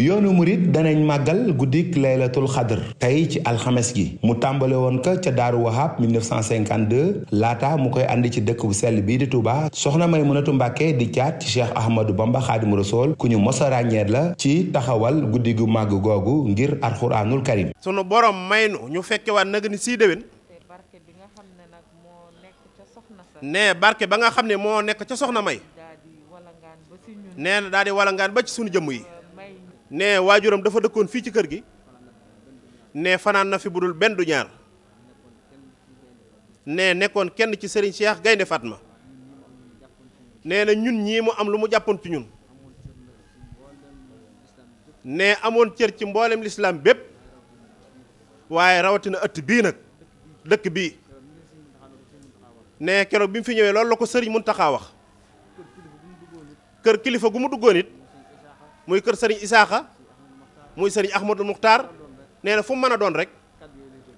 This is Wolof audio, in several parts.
yoonu murit danañ màggal guddik laylatul xadr tey ci alxames gi mu tàmbale woon ka ca daaru wahab 1952 laata mu koy indi ci dëkk bu sell bii di Touba soxna may munatu mbàkke di caat ci cheikh ahmadou bamba xaadimu rasool ku ñu mosa ràññeet la ci taxawal guddi gu màgg googu ngir alxuraanul karim sunu borom may nu ñu fekke waat nag ni sii déwén nee barke ba nga xam ne moo nekk ca soxna may nee na daal di ba ci sunu jëmm yi ne waajuram dafa dëkkoon fii ci kër gi ne fanaan na fi bu dul benn du ñaar ne nekkoon kenn ci Serigne Cheikh Gaynde ma nee na ñun ñii mu am lu mu jàppoon ci ñun ne amoon cër ci mboolem lislaam bépp waaye rawatina ëtt bii nag dëkk bii nee keroog bi mu fi ñëwee loolu la ko sëriñ mun taxa wax kër kilifa gu mu duggoon it muy kër sëriñ Isaaxa muy sëriñ Ahmadou Muxtaar nee na fu mën a doon rek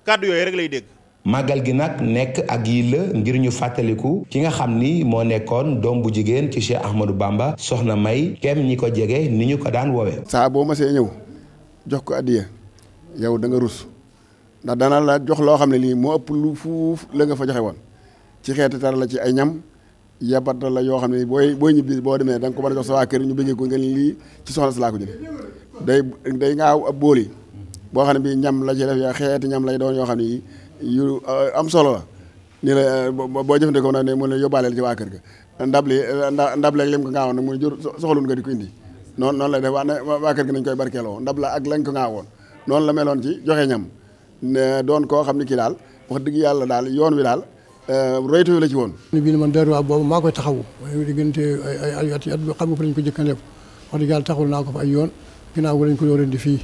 kàddu yooyu rek lay dégg. màggal gi nag nekk ak yi ngir ñu fàttaliku ki nga xam ni moo nekkoon doom bu jigéen ci Cheikh Ahmadou Bamba soxna May kem ñi ko jege ni ñu ko daan woowee. saa boo ma see ñëw jox ko addiya yow danga rus ndax dana la jox loo xam ne lii moo ëpp lu fuuf la nga fa joxe woon ci xeeti tar la ci ay ñam. yabatta la yoo xam ne booy booy ñibbi boo demee da nga ko mën a jox sa waa kër ñu bëggee ko nga lii ci soxna si laa day day ngaaw a bool boo xam ne bii ñam la ci def yaa xeeti ñam lay doon yoo xam ne yu uh, am solo la nii la uh, boo jëfandikoo nag ne mu ne yóbbaaleel ci waa kër ga ndab li uh, ndab leeg lim ko ngaawoon nag mu ne jur soxlun nga di ko indi noonu noonu lay def waa kër gi nañ koy barkeeloo ndab la ak lañ ko ngaawoon noonu la meloon ci joxee ñam doon koo xam ne kii daal wax dëgg yàlla daal yoon wi daal Euh, roytu la ci woon. bii man Darou Wahab boobu maa koy taxaw diggante ay ay at at xam nga fa lañ ko jëkkandee ko wax taxawul naa ko fa ay yoon ginnaaw gi lañ ko doon di fii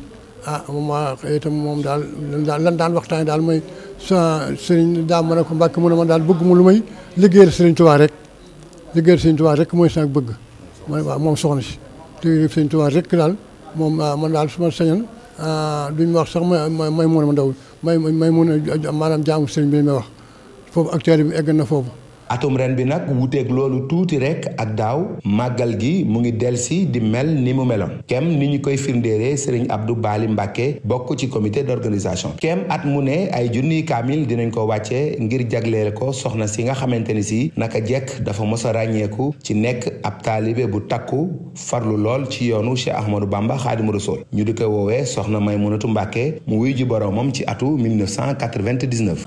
ah moom maa itam moom daal lan daan waxtaan daal mooy sa sëriñ daa mën ko mbàkk mu ne man daal bëgg mu lu may liggéeyal sëriñ Tuubaa rek liggéeyal sëriñ Tuubaa rek mooy sax bëgg mooy waaw moom soxna si liggéeyal sëriñ Tuubaa rek daal moom ah, man daal su ma sañoon ah, duñ ma wax sax may may may mun a ma daw may may mun a maanaam jaamu sëriñ bi may wax foofu actuel bi egg na foofu. atum ren bi nag wuuteeg loolu tuuti rek ak daaw màggal gi mu ngi delsi di mel ni mu meloon kem ni ñu koy firndeeree sëriñ Abdou Bali Mbacke bokk ci comité d'organisation kem at mu ne ay junniy kaamil dinañ ko wàccee ngir jagleel ko soxna si nga xamante ni si naka jekk dafa mos a ràññeeku ci nekk ab taalibe bu takku farlu lool ci yoonu Cheikh Ahmadou Bamba Xaadimu Rasuul ñu di ko woowee soxna mënatu Mbacke mu wuy ji boroomam ci atu 1999